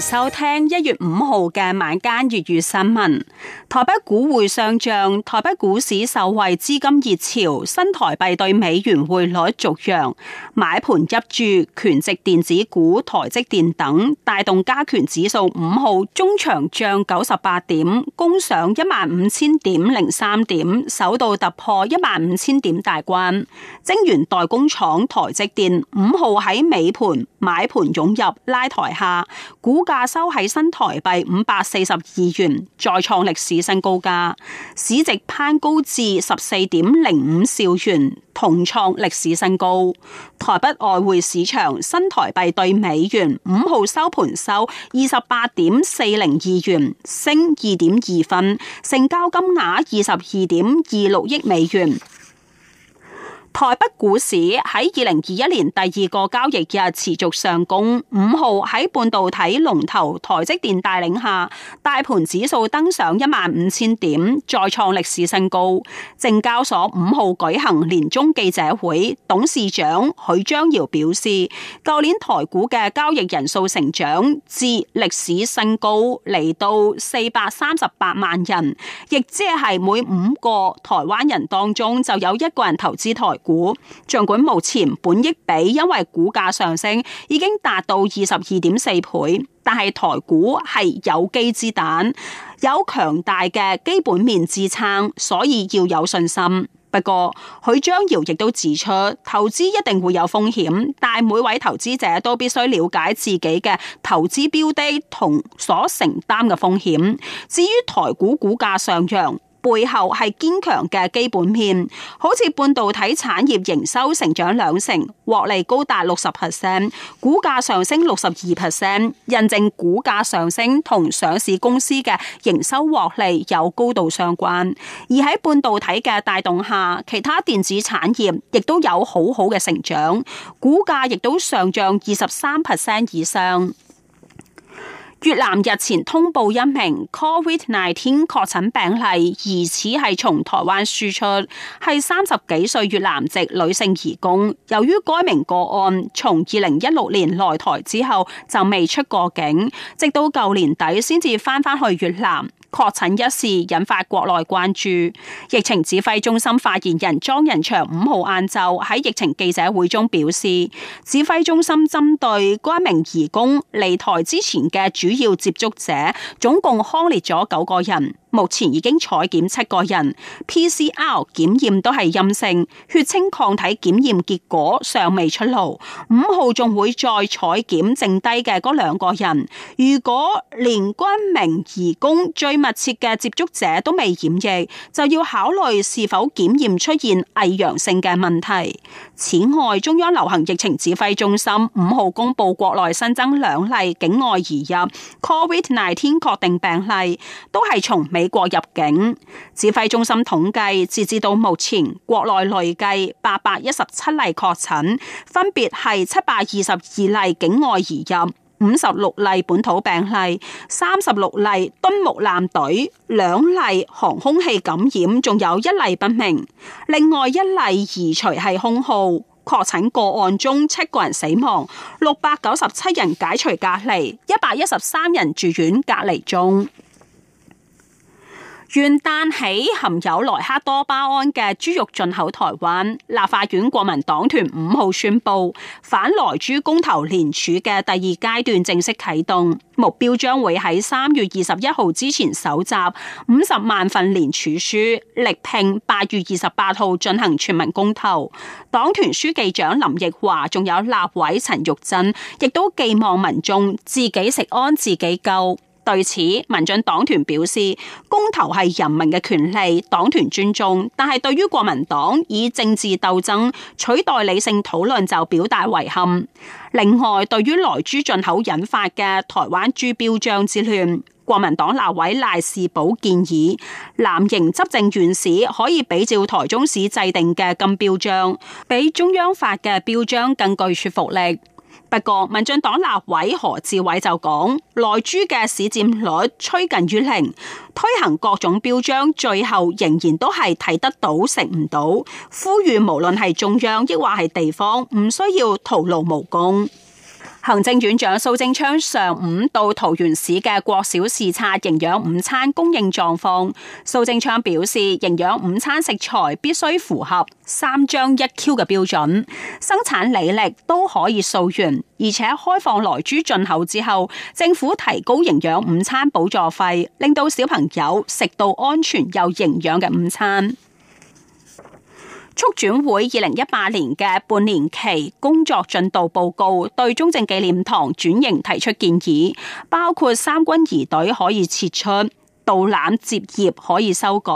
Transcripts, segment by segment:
收聽一月五號嘅晚間粵語新聞。台北股匯上漲，台北股市受惠資金熱潮，新台幣對美元匯率續揚，買盤入駐，權值電子股台積電等帶動加權指數五號中長漲九十八點，攻上一萬五千點零三點，首度突破一萬五千點大關。晶圓代工廠台積電五號喺尾盤買盤湧入，拉台下股。價收喺新台幣五百四十二元，再創歷史新高價，市值攀高至十四點零五兆元，同創歷史新高。台北外匯市場新台幣兌美元五號收盤收二十八點四零二元，升二點二分，成交金額二十二點二六億美元。台北股市喺二零二一年第二個交易日持續上攻，五號喺半導體龍頭台積電帶領下，大盤指數登上一萬五千點，再創歷史新高。證交所五號舉行年終記者會，董事長許璋瑤表示，舊年台股嘅交易人數成長至歷史新高，嚟到四百三十八萬人，亦即係每五個台灣人當中就有一個人投資台。股儘管目前本益比因為股價上升已經達到二十二點四倍，但係台股係有基之彈，有強大嘅基本面支撐，所以要有信心。不過許璋瑤亦都指出，投資一定會有風險，但係每位投資者都必須了解自己嘅投資標的同所承擔嘅風險。至於台股股價上漲，背後係堅強嘅基本面，好似半導體產業營收成長兩成，獲利高達六十 percent，股價上升六十二 percent，印證股價上升同上市公司嘅營收獲利有高度相關。而喺半導體嘅帶動下，其他電子產業亦都有好好嘅成長，股價亦都上漲二十三 percent 以上。越南日前通報一名 Covid-19 確診病例，疑似係從台灣輸出，係三十幾歲越南籍女性移工。由於該名個案從二零一六年來台之後就未出過境，直到舊年底先至翻返去越南。確診一事引發國內關注。疫情指揮中心發言人莊人祥五號晏晝喺疫情記者會中表示，指揮中心針對該名移工離台之前嘅主要接觸者，總共康列咗九個人。目前已經採檢七個人，P C R 檢驗都係陰性，血清抗體檢驗結果尚未出爐。五號仲會再採檢剩低嘅嗰兩個人，如果連軍明移工最密切嘅接觸者都未檢疫，就要考慮是否檢驗出現偽陽性嘅問題。此外，中央流行疫情指揮中心五號公布國內新增兩例境外移入，Covid nineteen 確定病例都係從美國入境。指揮中心統計，截至到目前，國內累計八百一十七例確診，分別係七百二十二例境外移入，五十六例本土病例，三十六例敦睦艦隊，兩例航空器感染，仲有一例不明。另外一例移除係空號。確診個案中七個人死亡，六百九十七人解除隔離，一百一十三人住院隔離中。元旦起含有萊克多巴胺嘅豬肉進口台灣，立法院國民黨團五號宣布反萊豬公投聯署嘅第二階段正式啟動，目標將會喺三月二十一號之前搜集五十萬份聯署書，力拼八月二十八號進行全民公投。黨團書記長林奕華仲有立委陳玉珍，亦都寄望民眾自己食安自己救。對此，民進黨團表示，公投係人民嘅權利，黨團尊重。但係對於國民黨以政治鬥爭取代理性討論，就表達遺憾。另外，對於萊豬進口引發嘅台灣豬標章之亂，國民黨立委賴士葆建議，藍營執政縣市可以比照台中市制定嘅金標章，比中央發嘅標章更具說服力。不過，民進黨立委何志偉就講：萊豬嘅市佔率趨近於零，推行各種標章，最後仍然都係睇得到食唔到。呼籲無論係中央抑或係地方，唔需要徒勞無功。行政院長蘇貞昌上午到桃園市嘅國小視察營養午餐供應狀況。蘇貞昌表示，營養午餐食材必須符合三章一 Q 嘅標準，生產履歷都可以溯源，而且開放萊豬進口之後，政府提高營養午餐補助費，令到小朋友食到安全又營養嘅午餐。促轉會二零一八年嘅半年期工作進度報告，對中正紀念堂轉型提出建議，包括三軍儀隊可以撤出。導覽接業可以修改，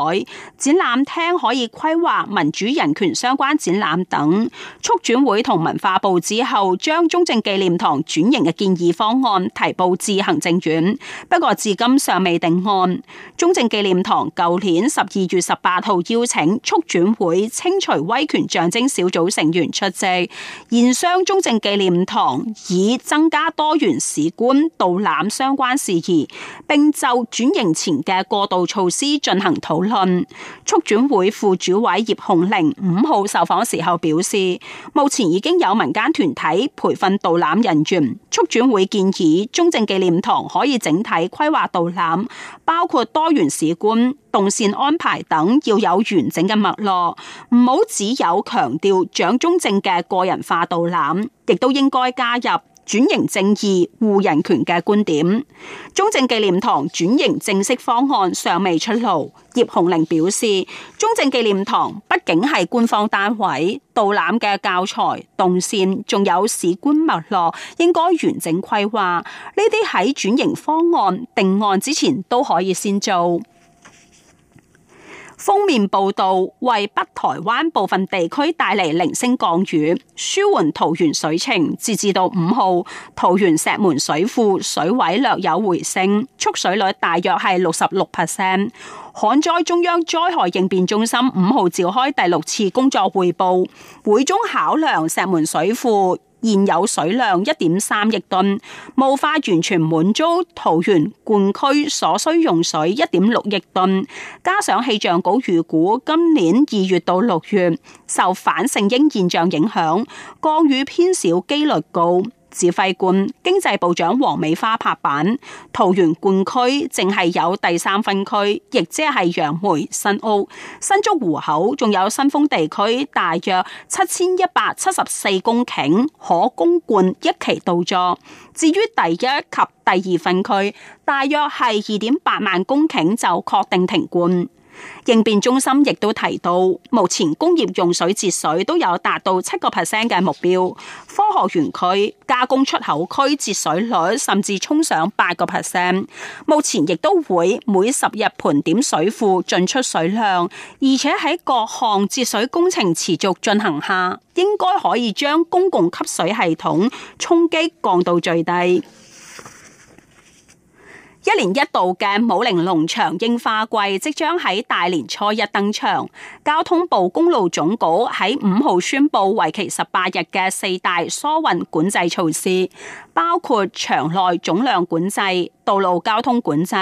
展覽廳可以規劃民主人權相關展覽等。促轉會同文化部之後，將中正紀念堂轉型嘅建議方案提報至行政院，不過至今尚未定案。中正紀念堂舊年十二月十八號邀請促轉會清除威權象徵小組成員出席，研商中正紀念堂以增加多元史觀導覽相關事宜，並就轉型前。嘅過渡措施進行討論。促轉會副主委葉紅玲五號受訪時候表示，目前已經有民間團體培訓導覽人員。促轉會建議中正紀念堂可以整體規劃導覽，包括多元史觀、動線安排等，要有完整嘅脈絡，唔好只有強調蔣中正嘅個人化導覽，亦都應該加入。轉型正義護人權嘅觀點，中正紀念堂轉型正式方案尚未出爐。葉紅玲表示，中正紀念堂畢竟係官方單位，導覽嘅教材、動線，仲有史觀脈絡，應該完整規劃。呢啲喺轉型方案定案之前都可以先做。封面報道為北台灣部分地區帶嚟零星降雨，舒緩桃園水情。截至到五號，桃園石門水庫水位略有回升，蓄水率大約係六十六 percent。旱災中央災害應變中心五號召開第六次工作匯報，會中考量石門水庫。現有水量一點三億噸，無法完全滿足桃園灌區所需用水一點六億噸。加上氣象局預估，今年二月到六月受反聖嬰現象影響，降雨偏少機率高。指揮官、經濟部長王美花拍板，桃園灌區淨係有第三分區，亦即係楊梅、新屋、新竹、湖口，仲有新豐地區，大約七千一百七十四公頃可供灌一期稻作。至於第一及第二分區，大約係二點八萬公頃就確定停灌。應變中心亦都提到，目前工業用水節水都有達到七個 percent 嘅目標，科學園區、加工出口區節水率甚至衝上八個 percent。目前亦都會每十日盤點水庫進出水量，而且喺各項節水工程持續進行下，應該可以將公共給水系統衝擊降到最低。一年一度嘅武陵農場櫻花季即將喺大年初一登場。交通部公路總局喺五號宣佈為期十八日嘅四大疏運管制措施，包括場內總量管制、道路交通管制、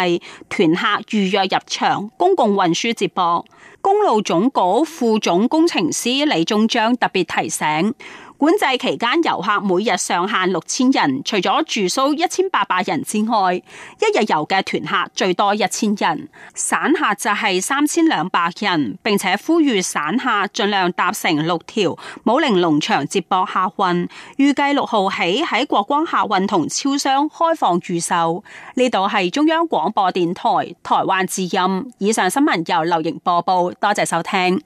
團客預約入場、公共運輸接駁。公路總局副總工程師李中章特別提醒。管制期間，遊客每日上限六千人，除咗住宿一千八百人之外，一日遊嘅團客最多一千人，散客就係三千兩百人，並且呼籲散客盡量搭乘六條武陵農場接駁客運。預計六號起喺國光客運同超商開放預售。呢度係中央廣播電台台灣之音，以上新聞由劉瑩播報，多謝收聽。